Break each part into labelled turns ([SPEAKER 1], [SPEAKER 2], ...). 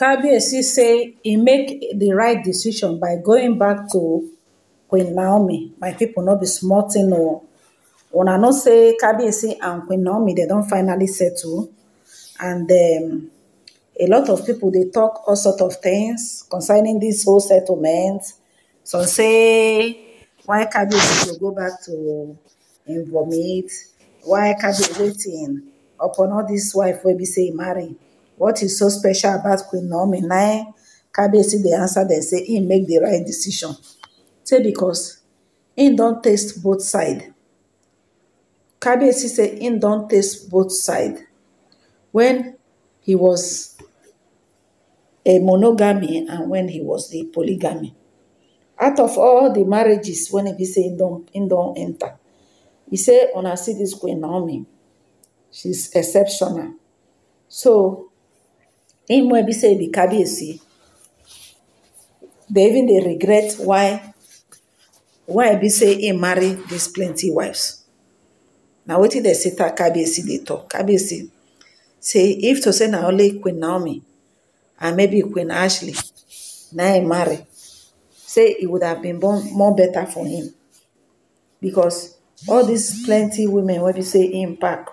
[SPEAKER 1] Kabiyesi say he make the right decision by going back to Queen Naomi. My people not be smarting or when I know say Kabiyesi and Queen Naomi they don't finally settle and um, a lot of people they talk all sort of things concerning this whole settlement. Some say why Kabiyesi go go back to im vomit? Why Kabiyesi waiting upon all this wife wey be say marry? What is so special about Queen Naomi? Now, KBC they answer, they say, he make the right decision. Say, because he don't taste both side. KBC say, he don't taste both side. When he was a monogamy and when he was a polygamy. Out of all the marriages, when he say he don't, he don't enter, he say, when I see this Queen Naomi, she's exceptional. So, him wey be say be kabiyesi dey even they regret why why be say he marry these plenty wives Now what na wetin dey sita kabiyesi they talk kabiyesi say if to say na only queen naomi and maybe queen ashley now he marry say it would have been born more better for him because all these plenty women when be say him pack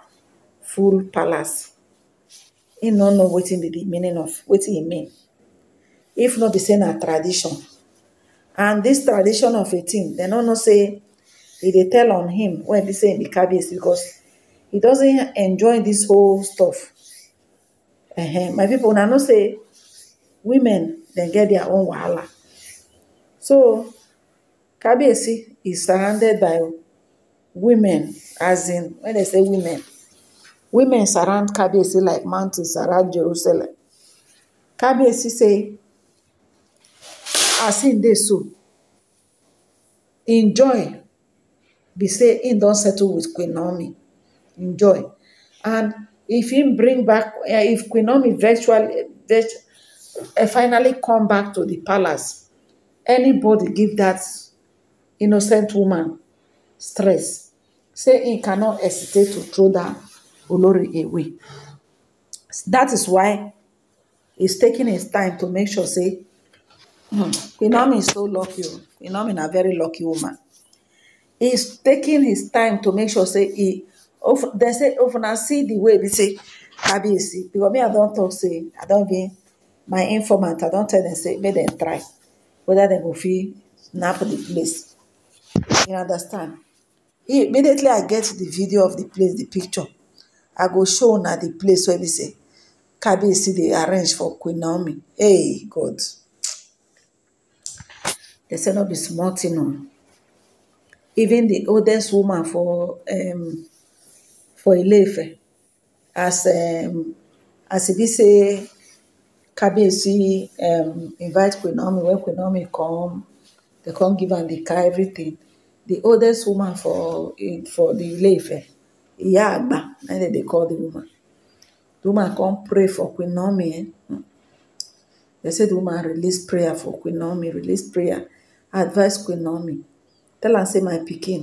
[SPEAKER 1] full palace He no know wetin be the meaning of what he mean. If not be same a tradition. And this tradition of a thing, they no know say if they tell on him when they say e because he doesn't enjoy this whole stuff. Uh-huh. My people, now know say women then get their own wahala. So Kabiyesi is surrounded by women as in when they say women Women surround Kabiyesi like mountains surround Jerusalem. Kabiyesi say, as in this, so, enjoy be say don't settle with Queen Naomi. Enjoy. And if he bring back, eh, if Queen Naomi virtually, uh, finally come back to the palace, anybody give that innocent woman stress, say he cannot hesitate to throw that. olori away that is why he's taking his time to make sure say queen hmm, is so lucky o queen naomi very lucky woman he's taking his time to make sure say he they say if una see the way they say see because me i don't talk say i don't be my informant i don't tell them. say make dem try whether dem go fit snap the place you understand He immediately i get the video of the place the picture i go show na the place where be say "Kabi, kabiyesi they arrange for queen naomi hey god they say no be small thing o even the oldest woman for um, for Ile-Ife as um, as e say, "Kabi, see um, invite Queen Naomi when Queen Naomi come they come give and the car everything the oldest woman for for the ile ìyá àgbà na im dey call the woman. The woman come pray for Queen Naomi um. Dem say the woman release prayer for Queen Naomi, release prayer, Advise Queen Naomi, tell am say my pikin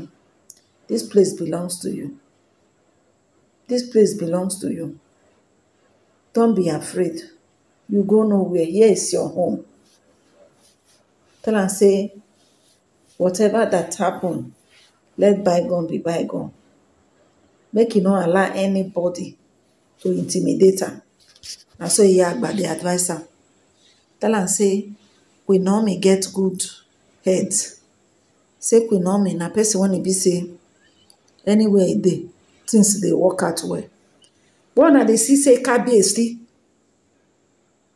[SPEAKER 1] this place belongs to you. This place belongs to you. Don't be afraid. You go nowhere. Here is your home. Tell am say whatever that happen, let bygone be bygone make e no allow anybody to intimidate am na so he dey advice am tell am say queen naomi get good head say queen naomi na person want to e be say anywhere e dey things dey work out well but una dey see say kabie still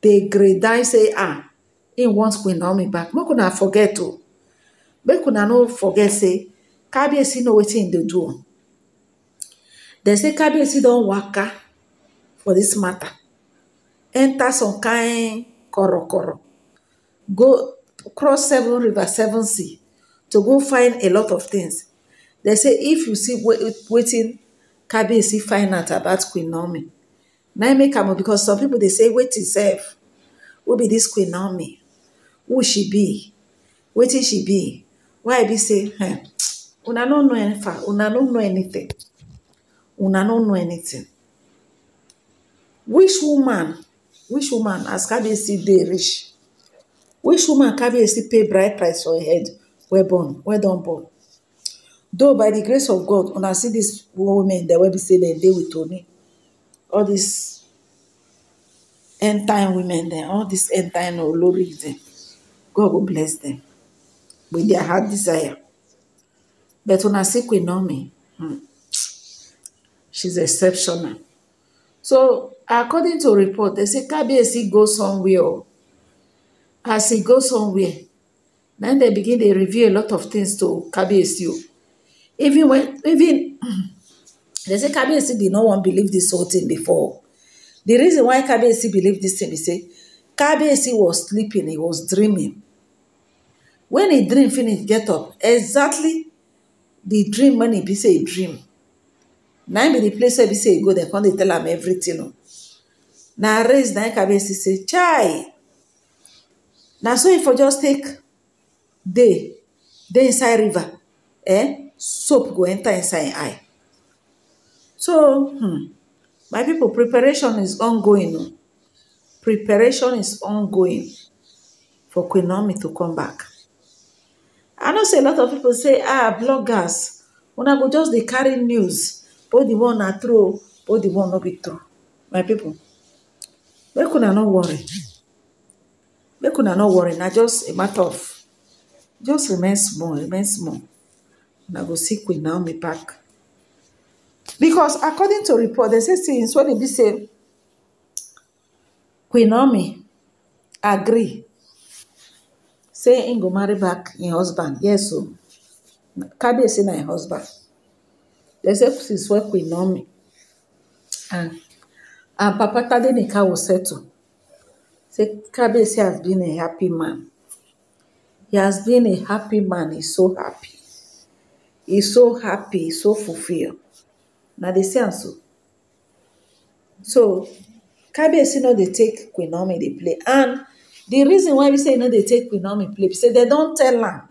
[SPEAKER 1] dey grade say ah im want queen naomi back make una forget to. make una no forget say kabie still know wetin im dey do They say do don work for this matter. Enter some kind korokoro. Go cross seven river, seven sea to go find a lot of things. They say if you see waiting, Kabiyesi find out about Queen Naomi. Now make come because some people they say wait itself. Who be this Queen Naomi? Who she be? Wetin she be? Why be say? Hey, hmm, una no know anything. Una no know anything. una no know anything which woman which woman as kabiyesi dey reach which woman kabiyesi pay bride price for her head wey born wey don born though by the grace of god una see these women dem wey be say dem dey with Toyeen all these end time women dem all these end time olori dem god go bless dem with their heart desire but una see Queen Naomi. Hmm she's exceptional so according to report they say kabiyesi go somewhere as he goes somewhere then they begin dey review a lot of things to kabiyesi even when even they say kabiyesi bin no one believe this whole thing before the reason why kabiyesi believed this thing be say kabiyesi was sleeping he was dreaming when he dream finish get up exactly the dream when e be say e dream na im be the place where be say e go dem come dey tell him everything o na race na im kabiyesi say chai na so e for just take dey dey inside river eh soap go enter inside eye so hmm, my people preparation is ongoing preparation is ongoing for Queen Naomi to come back i know say a lot of people say ah bloggers when I go just dey carry news both the one na true o both the one no be true my people make una no worry make una no worry na just a matter of just remain small remain small una go see Queen Naomi back because according to report they say since when e be say Queen Naomi agree say im e go marry back im husband yes o oh. kabiyesi na im husband his work with Naomi. And, ah. and Papa Tadenika will settle. Say, Kabesi has been a happy man. He has been a happy man. He's so happy. He's so happy. He's so fulfilled. Now they say so. So, Kabesi no they take Queen Naomi they play. And the reason why we say no they take Queen Naomi play, say they don't tell her.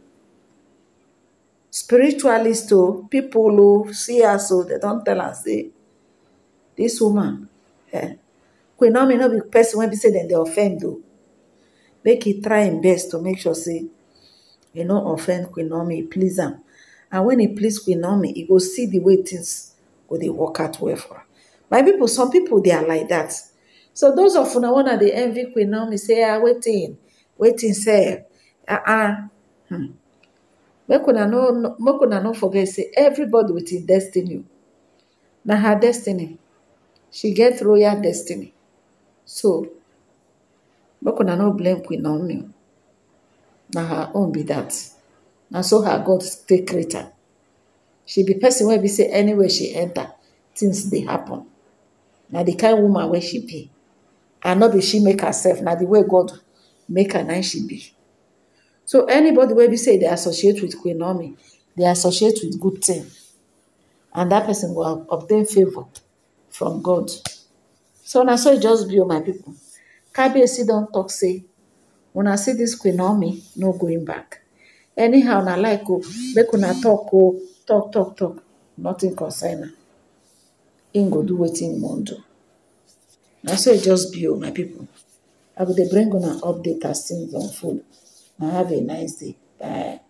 [SPEAKER 1] spiritualist o people o see us o dem don tell am say dis woman eh, queen omi no be person wey be say dem dey offend o make e try im best to make sure say e no offend queen e please am and wen e please queen omi e go see di way tins go dey work out well for her my pipo some pipo dey like dat so those of una wanna dey envy queen say ah wetin wetin say ah, ah hmm una no make una no forget say everybody with im destiny na her destiny she get royal destiny so una no blame queen naomi na her own be that na so her god take create her she be pesin wey be say anywhere she enta tins dey happen na di kain woman wey she be and no be she make herself na di way god make her na she be. so anybody where we say they associate with queen naomi they associate with good thing and that person will obtain favor from god so now, so e just be o oh my people. KBC don't talk say when I see this queen naomi no going back anyhow na like o oh, make una talk o oh, talk talk talk, nothing concern am im go do wetin im wan do so e just be o my people. i go dey bring una update as things unfold Have a nice day. Bye.